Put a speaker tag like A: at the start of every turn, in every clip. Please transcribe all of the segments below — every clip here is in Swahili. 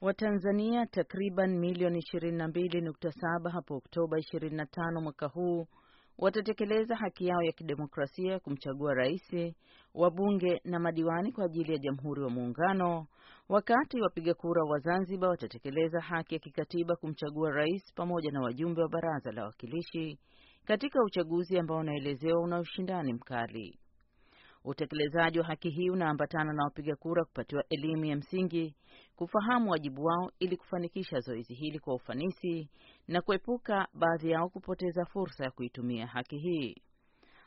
A: Watanzania takriban milioni 22.7 hapo Oktoba 25 mwaka huu watatekeleza haki yao ya kidemokrasia ya kumchagua rais, wabunge na madiwani kwa ajili ya Jamhuri wa Muungano, wakati wapiga kura wa Zanzibar watatekeleza haki ya kikatiba kumchagua rais pamoja na wajumbe wa Baraza la Wawakilishi katika uchaguzi ambao unaelezewa una ushindani mkali. Utekelezaji wa haki hii unaambatana na wapiga kura kupatiwa elimu ya msingi kufahamu wajibu wao ili kufanikisha zoezi hili kwa ufanisi na kuepuka baadhi yao kupoteza fursa ya kuitumia haki hii.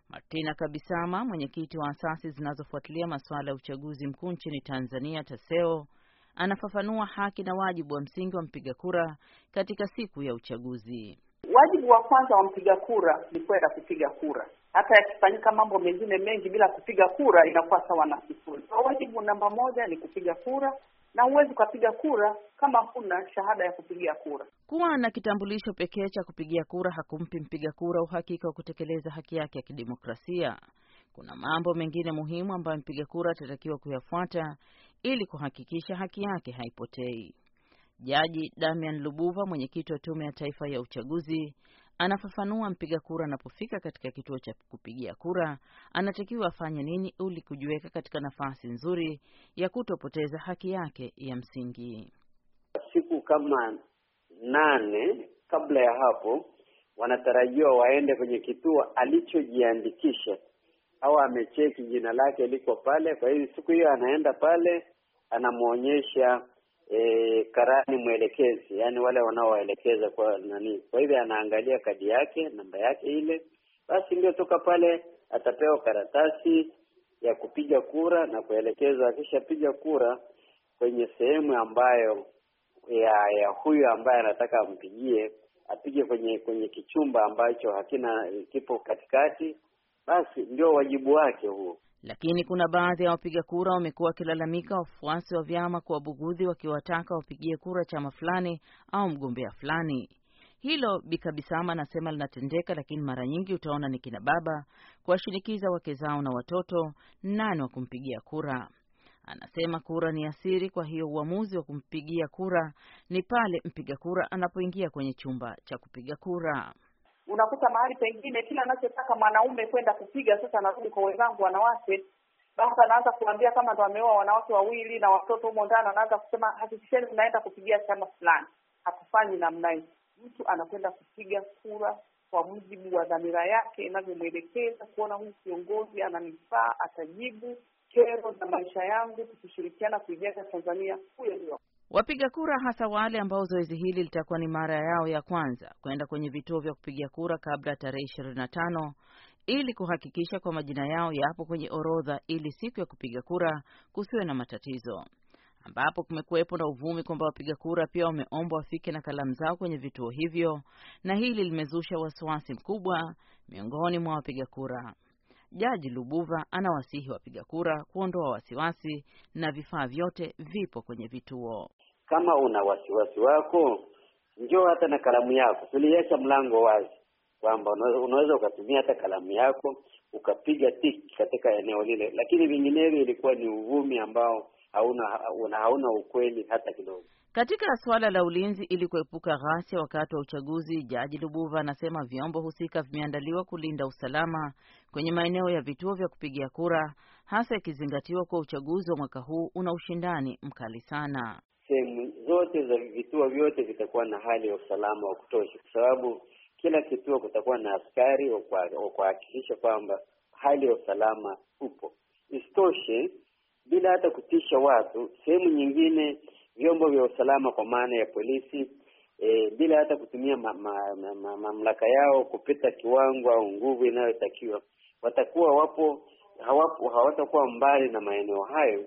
A: Martina Kabisama, mwenyekiti wa asasi zinazofuatilia masuala ya uchaguzi mkuu nchini Tanzania, TASEO, anafafanua haki na wajibu wa msingi wa mpiga kura katika siku ya uchaguzi.
B: Wajibu wa kwanza wa mpiga kura ni kwenda kupiga kura. Hata yakifanyika mambo mengine mengi bila kupiga
A: kura inakuwa sawa na
B: sifuri. Wajibu namba moja ni kupiga kura, na huwezi ukapiga kura kama huna shahada ya kupigia kura.
A: Kuwa na kitambulisho pekee cha kupigia kura hakumpi mpiga kura uhakika wa kutekeleza haki yake ya kidemokrasia. Kuna mambo mengine muhimu ambayo mpiga kura atatakiwa kuyafuata ili kuhakikisha haki yake haipotei. Jaji Damian Lubuva, mwenyekiti wa Tume ya Taifa ya Uchaguzi, Anafafanua mpiga kura anapofika katika kituo cha kupigia kura anatakiwa afanye nini ili kujiweka katika nafasi nzuri ya kutopoteza haki yake ya msingi.
C: Siku kama nane kabla ya hapo, wanatarajiwa waende kwenye kituo alichojiandikisha au amecheki jina lake liko pale. Kwa hiyo siku hiyo anaenda pale, anamwonyesha e, karani mwelekezi, yani wale wanaowaelekeza kwa nani. Kwa hivyo anaangalia kadi yake, namba yake ile, basi ndio toka pale atapewa karatasi ya kupiga kura na kuelekezwa, akishapiga kura kwenye sehemu ambayo ya ya huyo ambaye anataka ampigie, apige kwenye kwenye kichumba ambacho hakina kipo katikati, basi ndio wajibu wake huo.
A: Lakini kuna baadhi ya wapiga kura wamekuwa wakilalamika wafuasi wa vyama wabugudhi wakiwataka wapigie kura chama fulani au mgombea fulani. Hilo Bikabisama anasema linatendeka, lakini mara nyingi utaona ni kina baba kuwashinikiza wake zao na watoto nani wa kumpigia kura. Anasema kura ni asiri, kwa hiyo uamuzi wa kumpigia kura ni pale mpiga kura anapoingia kwenye chumba cha kupiga kura
B: unakuta mahali pengine kila anachotaka mwanaume kwenda kupiga, sasa narudi kwa wenzangu wanawake, basi anaanza kuambia kama ndo ameoa wanawake wawili na watoto humo ndani, anaanza kusema hakikisheni mnaenda kupigia chama fulani. Hatufanyi namna hii. Mtu anakwenda kupiga kura kwa mujibu wa dhamira yake inavyomwelekeza, kuona huyu kiongozi ananifaa, atajibu kero za maisha yangu, tukishirikiana kuijenga Tanzania. Huyo ndio
A: Wapiga kura hasa wale ambao zoezi hili litakuwa ni mara yao ya kwanza kwenda kwenye vituo vya kupiga kura kabla ya tarehe 25 ili kuhakikisha kwa majina yao yapo kwenye orodha ili siku ya kupiga kura kusiwe na matatizo, ambapo kumekuwepo na uvumi kwamba wapiga kura pia wameombwa wafike na kalamu zao kwenye vituo hivyo, na hili limezusha wasiwasi mkubwa miongoni mwa wapiga kura. Jaji Lubuva anawasihi wapiga kura kuondoa wasiwasi na vifaa vyote vipo kwenye vituo.
C: Kama una wasiwasi wako, njoo hata na kalamu yako. Tuliacha mlango wazi kwamba unaweza ukatumia hata kalamu yako ukapiga tiki katika eneo lile, lakini vinginevyo ilikuwa ni uvumi ambao hauna hauna, hauna ukweli hata kidogo.
A: Katika suala la ulinzi ili kuepuka ghasia wakati wa uchaguzi, Jaji Lubuva anasema vyombo husika vimeandaliwa kulinda usalama kwenye maeneo ya vituo vya kupigia kura, hasa ikizingatiwa kuwa uchaguzi wa mwaka huu una ushindani mkali sana.
C: Sehemu zote za vituo vyote vitakuwa na hali ya usalama wa kutosha, kwa sababu kila kituo kutakuwa na askari wa kuhakikisha kwamba hali ya usalama upo. Isitoshe, bila hata kutisha watu. Sehemu nyingine vyombo vya usalama kwa maana ya polisi e, bila hata kutumia mamlaka ma, ma, ma, ma, yao kupita kiwango au nguvu inayotakiwa, watakuwa wapo hawapo, hawatakuwa mbali na maeneo hayo.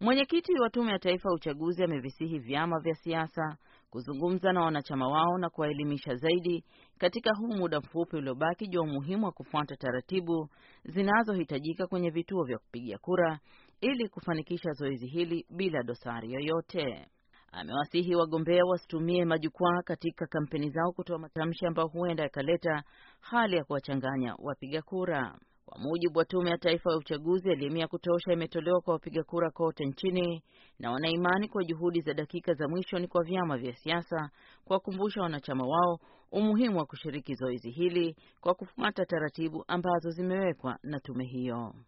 A: Mwenyekiti wa Tume ya Taifa ya Uchaguzi amevisihi vyama vya siasa kuzungumza na wanachama wao na kuwaelimisha zaidi katika huu muda mfupi uliobaki juu ya umuhimu wa kufuata taratibu zinazohitajika kwenye vituo vya kupigia kura ili kufanikisha zoezi hili bila dosari yoyote. Amewasihi wagombea wasitumie majukwaa katika kampeni zao kutoa matamshi ambayo huenda yakaleta hali ya kuwachanganya wapiga kura. Kwa mujibu wa Tume ya Taifa ya Uchaguzi, elimu ya kutosha imetolewa kwa wapiga kura kote nchini, na wanaimani kwa juhudi za dakika za mwisho ni kwa vyama vya siasa kuwakumbusha wanachama wao umuhimu wa kushiriki zoezi hili kwa kufuata taratibu ambazo zimewekwa na tume hiyo.